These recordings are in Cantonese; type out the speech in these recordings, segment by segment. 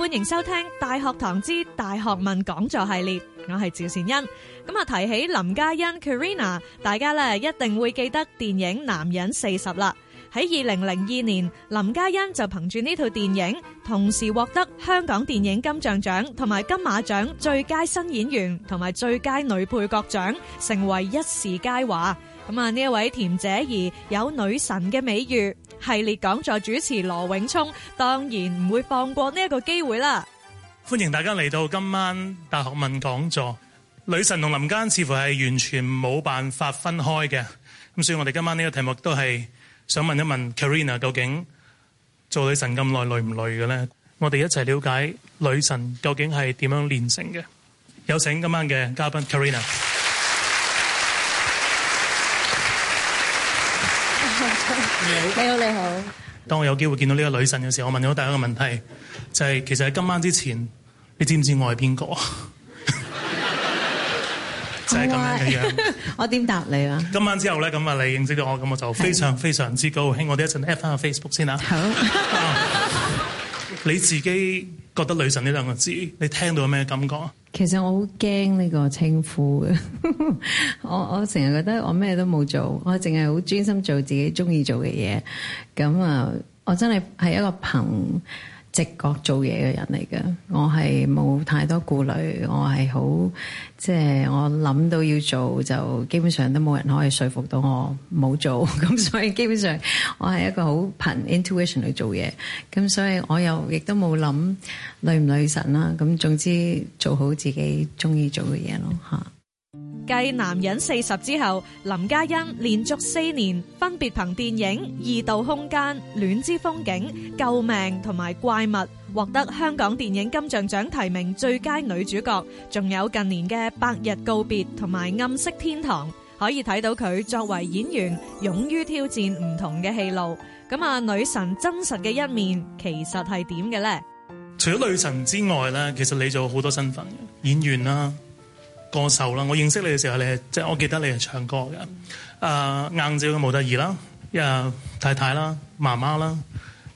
歡迎收聽大學堂之大學問講座系列。我係趙善恩。咁啊，提起林嘉欣 ·Karina，大家咧一定會記得電影男人四十啦。喺二零零二年，林嘉欣就憑住呢套電影，同時獲得香港電影金像獎同埋金馬獎最佳新演員同埋最佳女配角獎，成為一時佳話。咁啊！呢一位甜姐兒有女神嘅美譽，系列講座主持羅永聰當然唔會放過呢一個機會啦。歡迎大家嚟到今晚大學問講座。女神同林嘉欣似乎係完全冇辦法分開嘅，咁所以我哋今晚呢個題目都係想問一問 Karina 究竟，做女神咁耐累唔累嘅咧？我哋一齊了解女神究竟係點樣練成嘅？有請今晚嘅嘉賓 Karina 你好，你好。當我有機會見到呢個女神嘅時候，我問咗大家一個問題，就係、是、其實喺今晚之前，你知唔知我係邊個？ 就係咁樣嘅樣。 我點答你啊？今晚之後咧，咁啊你認識到我，咁我就非常是非常之高興。我哋一陣 at 翻個 Facebook 先啦。好 啊你自己覺得女神呢兩個字，你聽到有咩感覺啊？其實我好驚呢個稱呼嘅，我我成日覺得我咩都冇做，我淨係好專心做自己鍾意做嘅嘢，咁啊，我真係係一個憑直覺做嘢嘅人嚟嘅，我係冇太多顧慮，我係好，即係我諗到要做就，基本上都冇人可以說服到我冇做，咁 所以基本上我係一個好憑 intuition 去做嘢，咁所以我又亦都冇諗累唔累神啦，咁總之做好自己鍾意做嘅嘢咯嚇。嗯嗯。繼男人四十之後，林嘉欣連續四年分別憑電影《異度空間》、《戀之風景》、《救命》同埋《怪物》獲得香港電影金像獎提名最佳女主角，仲有近年嘅《百日告別》同埋《暗色天堂》，可以睇到佢作為演員勇於挑戰唔同嘅戲路。咁啊，女神真實嘅一面其實係點嘅呢？除咗女神之外呢，其實你就好多身份嘅演員啦，啊。歌手啦，我認識你嘅時候，你係即係我記得你係唱歌嘅。誒、嗯呃，硬照嘅模特兒啦，誒太太啦，媽媽啦，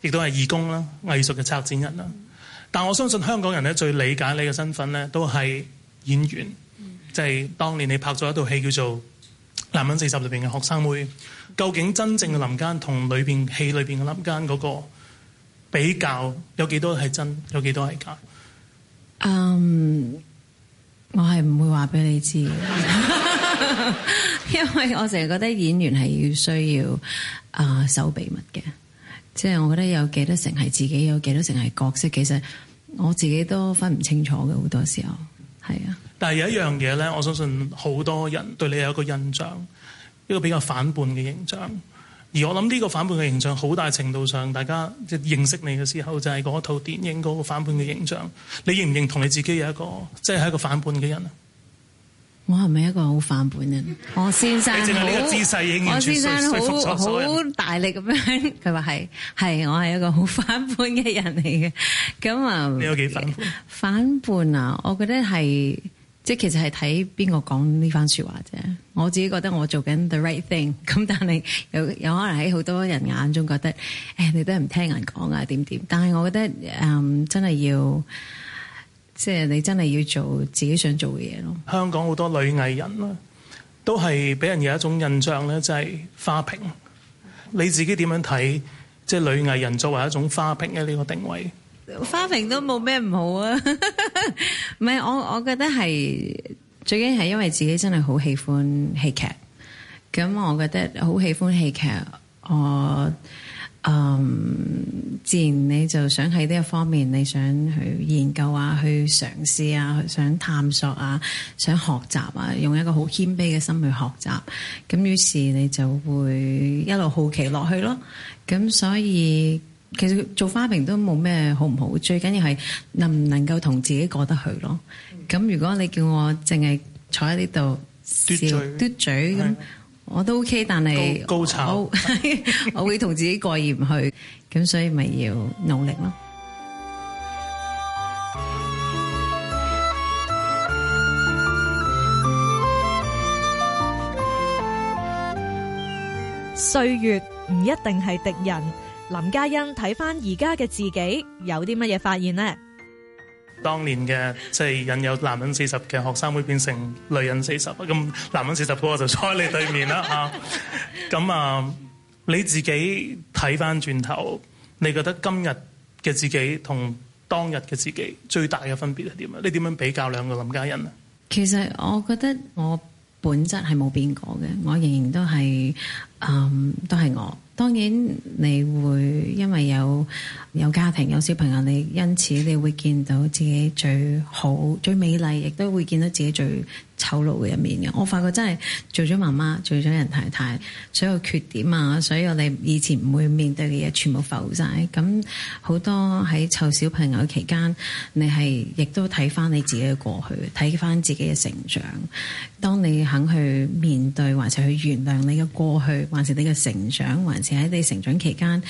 亦都係義工啦，藝術嘅策展人啦。嗯、但我相信香港人咧最理解你嘅身份咧，都係演員，即係、嗯、當年你拍咗一套戲叫做《男人四十》裏邊嘅學生妹。究竟真正嘅林嘉欣同裏邊戲裏邊嘅林嘉欣嗰個比較，有幾多係真，有幾多係假？嗯。我係唔會話俾你知， 因為我成日覺得演員係要需要啊、呃、守秘密嘅，即係我覺得有幾多成係自己，有幾多成係角色。其實我自己都分唔清楚嘅好多時候，係啊。但係有一樣嘢咧，我相信好多人對你有一個印象，一個比較反叛嘅形象。而我諗呢個反叛嘅形象，好大程度上大家即係認識你嘅時候，就係、是、嗰套電影嗰個反叛嘅形象。你認唔認同你自己有一個即係、就是、一個反叛嘅人啊？我係咪一個好反叛人？ 我先生好，你正個姿勢我先生好大力咁樣，佢話係係，我係一個好反叛嘅人嚟嘅。咁 啊那，你有幾份反、反叛啊？我覺得係。即其實係睇邊個講呢番說話啫，我自己覺得我做緊 the right thing，咁但係有有可能喺好多人眼中覺得，誒你都係唔聽人講啊點點，但係我覺得誒真係要，即係你真係要做自己想做嘅嘢咯。香港好多女藝人啦，都係俾人有一種印象咧，就係花瓶。你自己點樣睇即係女藝人作為一種花瓶嘅呢個定位？花瓶都冇咩唔好啊， 唔係我我覺得係最緊要係因為自己真係好喜歡戲劇，咁我覺得好喜歡戲劇，我嗯自然你就想喺呢一方面你想去研究啊，去嘗試啊，去想探索啊，想學習啊，用一個好謙卑嘅心去學習，咁於是你就會一路好奇落去咯，咁所以。其實做花瓶都冇咩好唔好，最緊要係能唔能夠同自己過得去咯。咁如果你叫我淨係坐喺呢度嘟嘴嘟嘴咁，我都 OK，但係高醜，我會同自己過意唔去，咁所以咪要努力咯。歲月唔一定係敵人。林嘉欣睇翻而家嘅自己有啲乜嘢發現呢？當年嘅即係引誘男人四十嘅學生會變成女人四十，咁男人四十嗰個就坐喺你對面啦吓。咁 啊，啊，你自己睇翻轉頭，你覺得今日嘅自己同當日嘅自己最大嘅分別係點啊？你點樣比較兩個林嘉欣啊？其實我覺得我本質係冇變過嘅，我仍然都係嗯，都係我。當然，你會因為有有家庭、有小朋友，你因此你會見到自己最好、最美麗，亦都會見到自己最透露嘅一面嘅，我發覺真係做咗媽媽、做咗人太太，所有缺點啊，所以我哋以前唔會面對嘅嘢，全部浮晒。咁好多喺湊小朋友期間，你係亦都睇翻你自己嘅過去，睇翻自己嘅成長。當你肯去面對，還是去原諒你嘅過去，還是你嘅成長，還是喺你成長期間。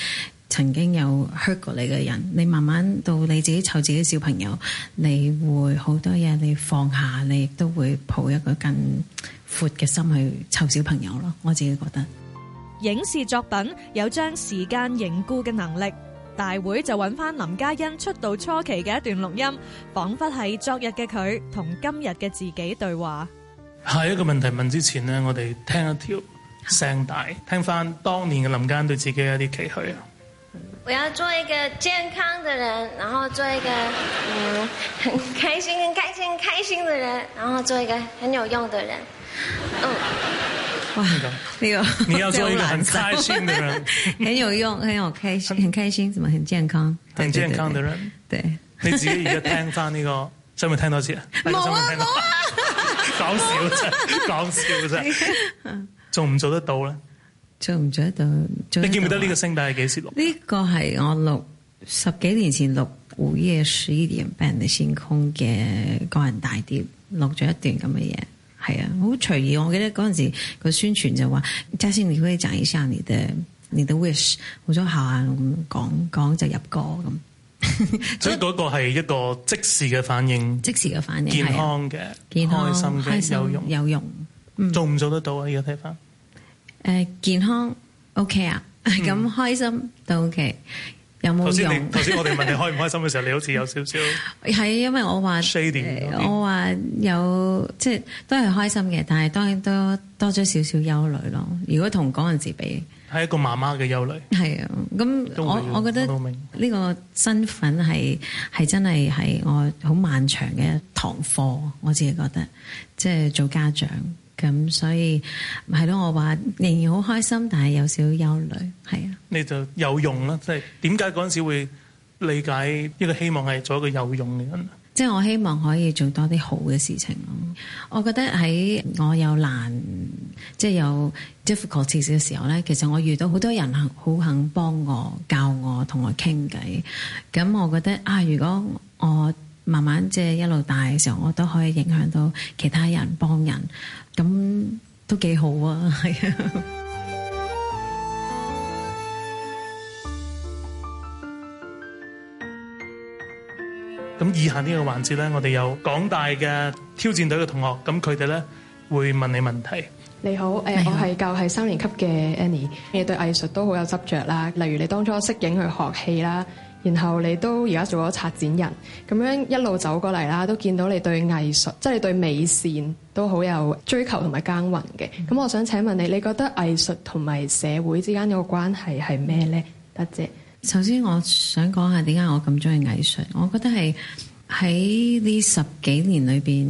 曾經有 hurt 過你嘅人，你慢慢到你自己湊自己小朋友，你會好多嘢你放下，你亦都會抱一個更闊嘅心去湊小朋友咯。我自己覺得，影視作品有將時間凝固嘅能力。大會就揾翻林嘉欣出道初期嘅一段錄音，彷彿係昨日嘅佢同今日嘅自己對話。下一個問題問之前呢，我哋聽一條聲帶，聽翻當年嘅林嘉欣對自己一啲期許啊！我要做一個健康的人，然後做一個嗯，很開心、很開心、很開心的人，然後做一個很有用的人。嗯，哇，那個你要做一個很開心的人， 很有用、很有開心、很，很開心，怎麼很健康對對對對？很健康的人，對。你自己而家聽翻呢、那個，想唔想聽多次啊？冇啊，冇。搞笑啫，搞笑啫，做唔做得到咧？做唔做得到？得到，你記唔記得呢個聲帶係幾時落錄？呢個係我錄十幾年前錄午夜十二點》俾人哋先空嘅個人大碟，錄咗一段咁嘅嘢。係啊，好隨意。我記得嗰陣時個宣傳就話：嘉欣，如果你可以賺一下你嘅，你嘅 wish 好想下咁講講就入歌咁。 所以嗰個係一個即時嘅反應，即時嘅反應，健康嘅，啊、健康開心嘅，有用心有用。有用。嗯、做唔做得到啊？依家睇翻。誒，健康 OK 啊，咁、嗯、開心都 OK，有冇用？頭先我哋問你開唔開心嘅時候， 你好似有少少。係， 因為我話，我話有即係、就是、都係開心嘅，但係當然都多咗少少憂慮咯。如果同嗰陣時比，係一個媽媽嘅憂慮。係啊，咁我我覺得呢個身份係係真係係我好漫長嘅一堂課，我自己覺得即係、就是、做家長。咁所以係咯，我話仍然好開心，但係有少少憂慮，係啊。你就有用啦，即係點解嗰陣時會理解呢個希望係做一個有用嘅人？即係我希望可以做多啲好嘅事情咯。我覺得喺我有難，即係有 difficult 嘅時候咧，其實我遇到好多人好肯幫我、教我、同我傾偈。咁我覺得啊，如果我慢慢即係一路大嘅時候，我都可以影響到其他人幫人，咁都幾好啊！係啊。咁以下呢個環節咧，我哋有港大嘅挑戰隊嘅同學，咁佢哋咧會問你問題。你好，誒好我係教係三年級嘅 Annie，你對藝術都好有執着啦。例如你當初適應去學戲啦。然後你都而家做咗策展人，咁樣一路走過嚟啦，都見到你對藝術，即係你對美善都好有追求同埋耕耘嘅。嗯。咁我想請問你，你覺得藝術同埋社會之間有個關係係咩呢？嗯。得姐，首先我想講下點解我咁中意藝術。我覺得係喺呢十幾年裏邊，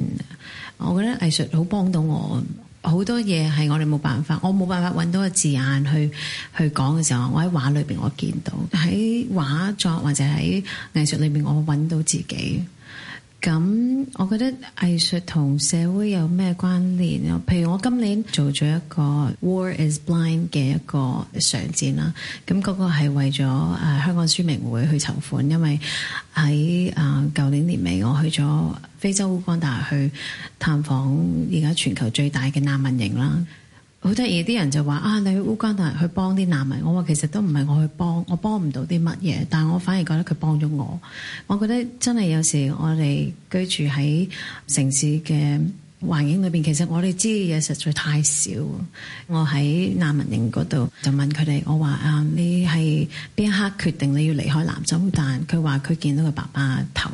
我覺得藝術好幫到我。好多嘢係我哋冇辦法，我冇辦法揾到個字眼去去講嘅時候，我喺畫裏面我見到，喺畫作或者喺藝術裏面，我揾到自己。咁，我覺得藝術同社會有咩關聯咯？譬如我今年做咗一個 War Is Blind 嘅一個常展啦，咁、那、嗰個係為咗誒、呃、香港書名會去籌款，因為喺誒舊年年尾我去咗非洲烏干達去探訪而家全球最大嘅難民營啦。好得意啲人就話啊，你去烏干達去幫啲難民，我話其實都唔係我去幫，我幫唔到啲乜嘢，但係我反而覺得佢幫咗我。我覺得真係有時我哋居住喺城市嘅環境裏邊，其實我哋知嘅嘢實在太少。我喺難民營嗰度就問佢哋，我話啊，你係邊一刻決定你要離開南蘇丹？但佢話佢見到個爸爸頭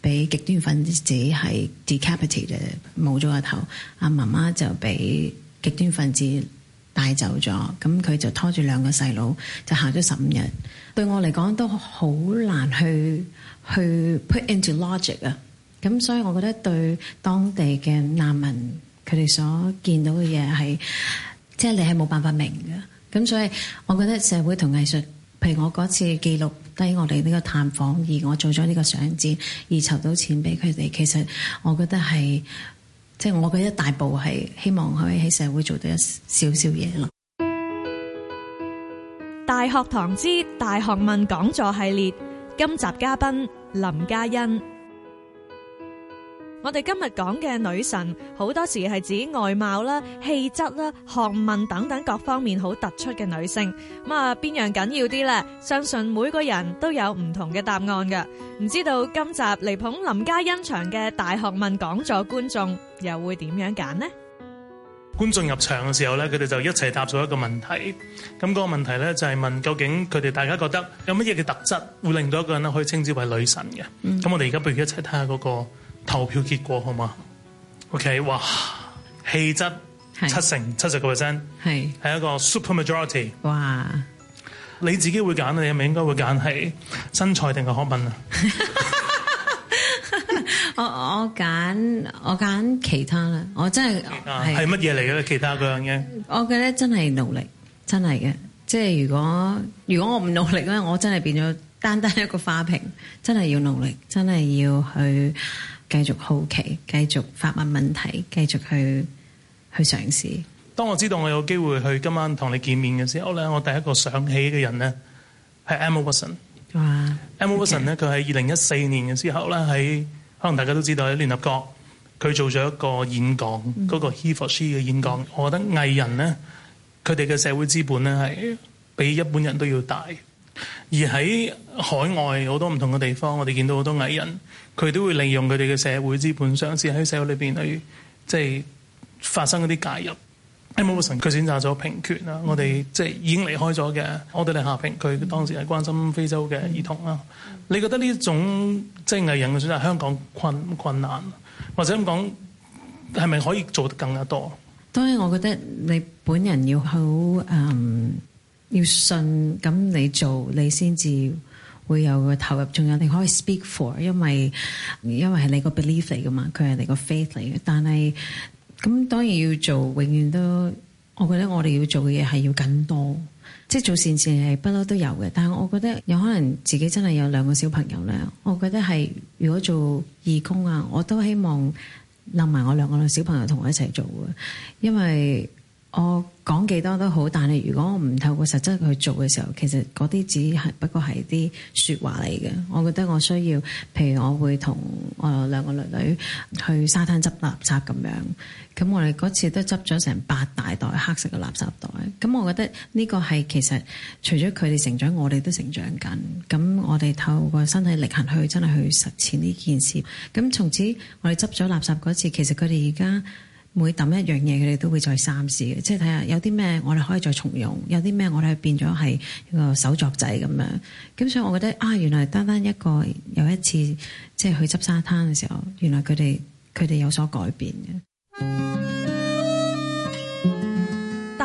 俾極端分子係 decapitated，冇咗個頭，阿媽媽就俾。極端分子帶走咗，咁佢就拖住兩個細佬就行咗十五日。對我嚟講都好難去去 put into logic 啊。咁所以我覺得對當地嘅難民，佢哋所見到嘅嘢係，即係你係冇辦法明㗎。咁所以我覺得社會同藝術，譬如我嗰次記錄低我哋呢個探訪，而我做咗呢個相展，而籌到錢俾佢哋，其實我覺得係。即係我嘅一大步，係希望可以喺社會做到一少少嘢咯。大學堂之大學問講座系列，今集嘉賓林嘉欣。我哋今日講嘅女神，好多時係指外貌啦、氣質啦、學問等等各方面好突出嘅女性。咁啊，邊樣緊要啲呢？相信每個人都有唔同嘅答案噶。唔知道今集嚟捧林嘉欣場嘅大學問講座，觀眾又會點樣揀呢？觀眾入場嘅時候咧，佢哋就一齊答咗一個問題。咁嗰個問題咧就係問究竟佢哋大家覺得有乜嘢嘅特質會令到一個人咧可以稱之為女神嘅？咁我哋而家不如一齊睇下嗰個。投票結果好嘛？OK，哇，氣質七成七十個 percent，係係一個 super majority。哇，你自己會揀啊？你係咪應該會揀係身材定係康品啊？我我揀，我揀其他啦。我真係係，乜嘢嚟嘅其他嗰樣嘢？是我覺得真係努力，真係嘅。即係如果如果我唔努力咧，我真係變咗單單一個花瓶。真係要努力，真係要去。繼續好奇，繼續發問問題，繼續去去嘗試。當我知道我有機會去今晚同你見面嘅時候咧，我第一個想起嘅人咧係 em、oh, okay. Emma Watson。哇！Emma Watson 咧，佢喺二零一四年嘅時候咧，喺可能大家都知道喺聯合國，佢做咗一個演講，嗰、mm hmm. 個 He for She 嘅演講。Mm hmm. 我覺得藝人咧，佢哋嘅社會資本咧係比一般人都要大。而喺海外好多唔同嘅地方，我哋見到好多藝人，佢都會利用佢哋嘅社會資本上，想試喺社會裏邊去即係發生嗰啲介入 Emma Watson。佢、嗯、em 選擇咗平權啦，嗯、我哋即係已經離開咗嘅，我哋柯德莉夏萍，佢當時係關心非洲嘅兒童啦。嗯、你覺得呢一種即係、就是、藝人嘅選擇，香港困困難，或者咁講係咪可以做得更加多？當然，我覺得你本人要好嗯。要信咁你做，你先至會有個投入。仲有你可以 speak for，因為因為係你個 belief 嚟㗎嘛，佢係你個 faith 嚟嘅。但係咁當然要做，永遠都我覺得我哋要做嘅嘢係要更多，即係做善事係不嬲都有嘅。但係我覺得有可能自己真係有兩個小朋友咧，我覺得係如果做義工啊，我都希望攬埋我兩個小朋友同我一齊做嘅，因為。我講幾多都好，但係如果我唔透過實質去做嘅時候，其實嗰啲只係不過係啲説話嚟嘅。我覺得我需要，譬如我會同我兩個女女去沙灘執垃圾咁樣。咁我哋嗰次都執咗成八大袋黑色嘅垃圾袋。咁我覺得呢個係其實除咗佢哋成長，我哋都成長緊。咁我哋透過身體力行去真係去實踐呢件事。咁從此我哋執咗垃圾嗰次，其實佢哋而家。每抌一樣嘢，佢哋都會再三思嘅，即係睇下有啲咩我哋可以再重用，有啲咩我哋變咗係一個手作仔咁樣。咁所以我覺得啊，原來單單一個有一次即係去執沙灘嘅時候，原來佢哋佢哋有所改變嘅。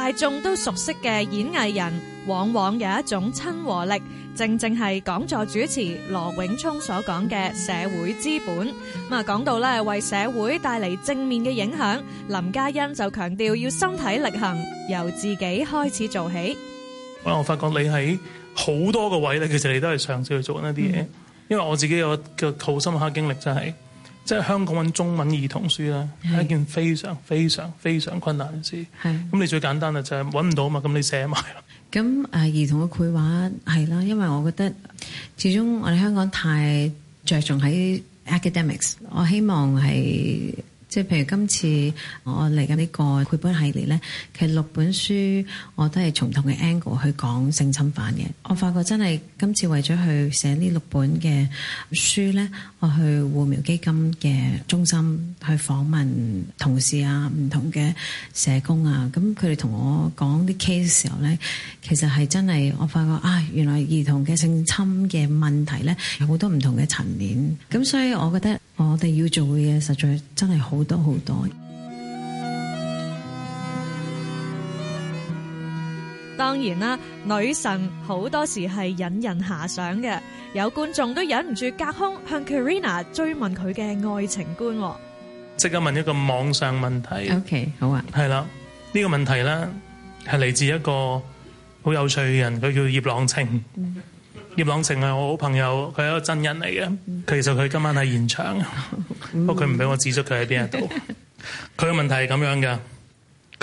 大眾都熟悉嘅演藝人，往往有一種親和力，正正係講座主持羅永聰所講嘅社會資本。咁啊，講到咧為社會帶嚟正面嘅影響，林嘉欣就強調要身體力行，由自己開始做起。我發覺你喺好多個位咧，其實你都係嘗試去做緊一啲嘢，因為我自己有一個好深刻經歷，就係。即係香港揾中文兒童書咧，係是一件非常非常非常困難嘅事。係咁是，你最簡單嘅就係揾唔到啊嘛，咁你寫埋咯。咁啊、呃，兒童嘅繪畫係啦，因為我覺得始終我哋香港太着重喺 academics，我希望係。即係譬如今次我嚟緊呢個繪本系列咧，其實六本書我都係從唔同嘅 angle 去講性侵犯嘅。我發覺真係今次為咗去寫呢六本嘅書咧，我去護苗基金嘅中心去訪問同事啊、唔同嘅社工啊，咁佢哋同我講啲 case 嘅時候咧，其實係真係我發覺啊，原來兒童嘅性侵嘅問題咧有好多唔同嘅層面。咁所以我覺得我哋要做嘅嘢實在真係好。好多好多，當然啦，女神好多時係引人遐想嘅，有觀眾都忍唔住隔空向 Karina 追問佢嘅愛情觀，即刻問一個網上問題。O、okay, K，好啊，係啦，呢、呢個問題呢，係嚟自一個好有趣嘅人，佢叫葉朗晴。葉朗晴係我好朋友，佢係一個真人嚟嘅。其實佢今晚喺現場，不過佢唔俾我指出佢喺邊一度。佢嘅 問題係咁樣噶，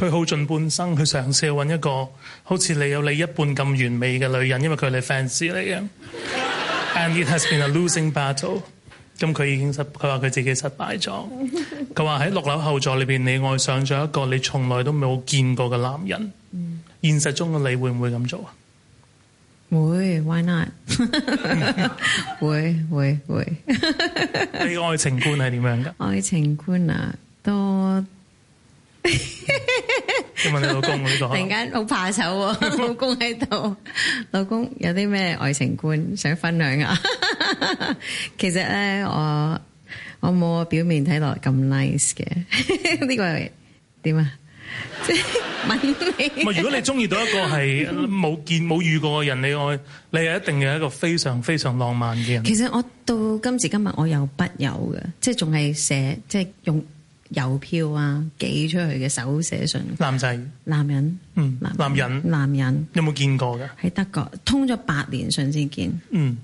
佢耗盡半生去嘗試去搵一個好似你有你一半咁完美嘅女人，因為佢係你 fans 嚟嘅。 And it has been a losing battle。咁佢已經失，佢話佢自己失敗咗。佢話喺六樓後座裏邊，你愛上咗一個你從來都冇見過嘅男人。 現實中嘅你會唔會咁做啊？會，Why not？會會會。你愛情觀係點樣噶？愛情觀啊，多。問你老公呢個。突然間好怕醜，老公喺度。老公有啲咩愛情觀想分享啊？其實咧，我我冇我表面睇落咁 nice 嘅，呢個係點啊？即係係，如果你中意到一個係冇見冇 遇過嘅人，你愛你係一定係一個非常非常浪漫嘅人。其實我到今時今日我有筆友嘅，即係仲係寫，即係用郵票啊寄出去嘅手寫信。男仔生，男人，嗯，男人，男人，男人有冇見過嘅？喺德國通咗八年信先見，嗯，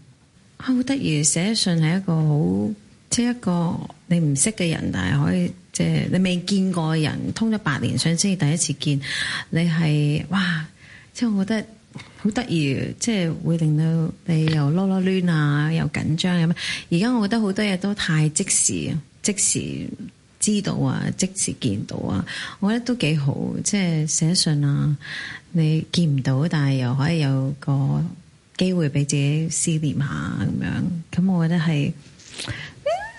好得意，寫信係一個好。即一個你唔識嘅人，但係可以即係你未見過嘅人，通咗八年上先至第一次見。你係哇，即係我覺得好得意，即係會令到你又囉囉攣啊，又緊張。而家我覺得好多嘢都太即時即時知道啊，即時見到啊，我覺得都幾好。即係寫信啊，你見唔到，但係又可以有個機會俾自己思念下咁樣。咁我覺得係。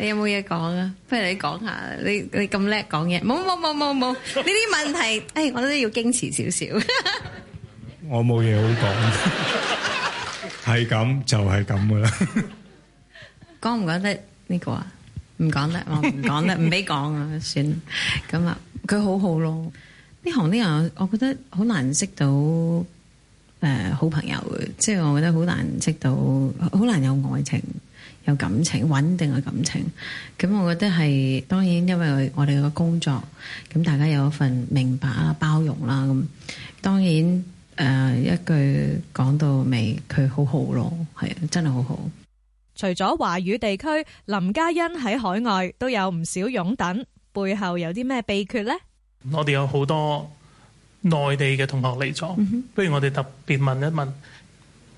你有冇嘢講啊？不如你講下，你你咁叻講嘢，冇冇冇冇冇，呢啲問題，誒、 哎，我都要矜持少少。 我冇嘢好講，係 咁 就係咁噶啦。講唔講得呢個啊？唔講得，我唔講得，唔俾講啊，算啦。咁啊，佢好好咯。呢 行啲人，我覺得好難識到誒好朋友嘅，即、就、係、是、我覺得好難識到，好難有愛情。有感情，穩定嘅感情，咁我覺得係當然，因為我哋個工作，咁大家有份明白啦、包容啦，咁當然，誒一句講到尾，佢好好咯，係真係好好。除咗華語地區，林嘉欣喺海外都有唔少擁躉，背後有啲咩秘訣呢？我哋有好多內地嘅同學嚟咗，不如我哋特別問一問。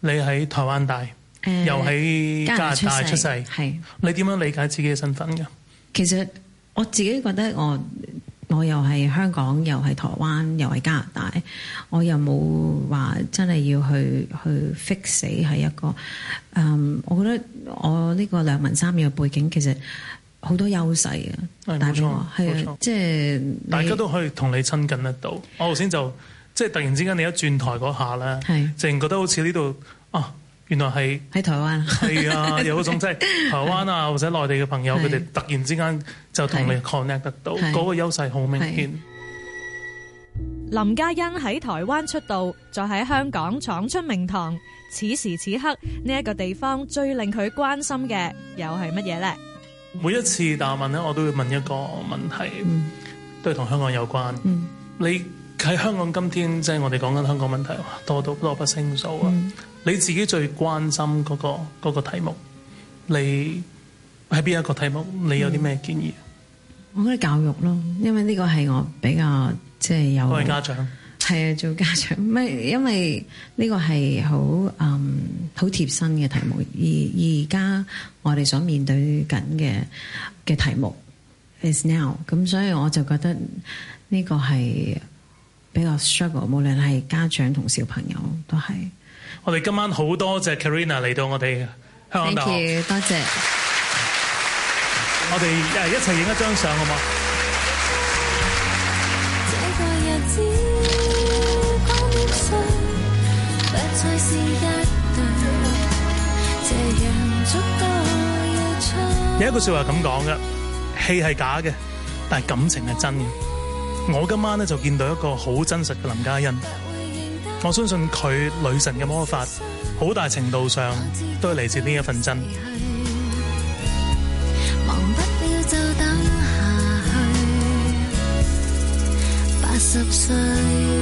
你喺台灣大，呃、又喺加，加拿大出世，出生，係。你點樣理解自己嘅身份㗎？其實我自己覺得我我又係香港，又係台灣，又係加拿大，我又冇話真係要去去 fix 死係一個。嗯，我覺得我呢個兩文三語嘅背景其實好多優勢啊！嗯、帶俾我係即係大家都可以同你親近得到。我頭先就。即係突然之間，你一轉台嗰下咧，突然是覺得好似呢度啊，原來係喺台灣。係 啊，有嗰種即係、就是、台灣啊，是或者內地嘅朋友佢哋是突然之間就同你 connect 得到，嗰是個優勢好明顯。是林嘉欣喺台灣出道，再喺香港闖出名堂。此時此刻呢一、這個地方最令佢關心嘅又係乜嘢咧？每一次答問咧，我都會問一個問題，嗯、都係同香港有關。嗯、你？喺香港，今天即係、就是、我哋講緊香港問題，多到多不勝數啊。嗯、你自己最關心嗰、那個嗰、那個題目，你喺邊一個題目？你有啲咩建議、嗯？我覺得教育咯，因為呢個係我比較即係、就是、有。我係家長，係啊做家長咩？因為呢個係好嗯好貼身嘅題目。而而家我哋所面對緊嘅嘅題目 is now 咁，所以我就覺得呢個係。比較 struggle，無論係家長同小朋友都係。我哋今晚好多謝 Karina 嚟到我哋香港大學，多謝、謝。我哋一齊影一,一張相好冇？有一句說話咁講嘅，戲係假嘅，但係感情係真嘅。」我今晚呢，就見到一個好真實嘅林嘉欣，我相信佢女神嘅魔法，好大程度上都係嚟自呢一份真。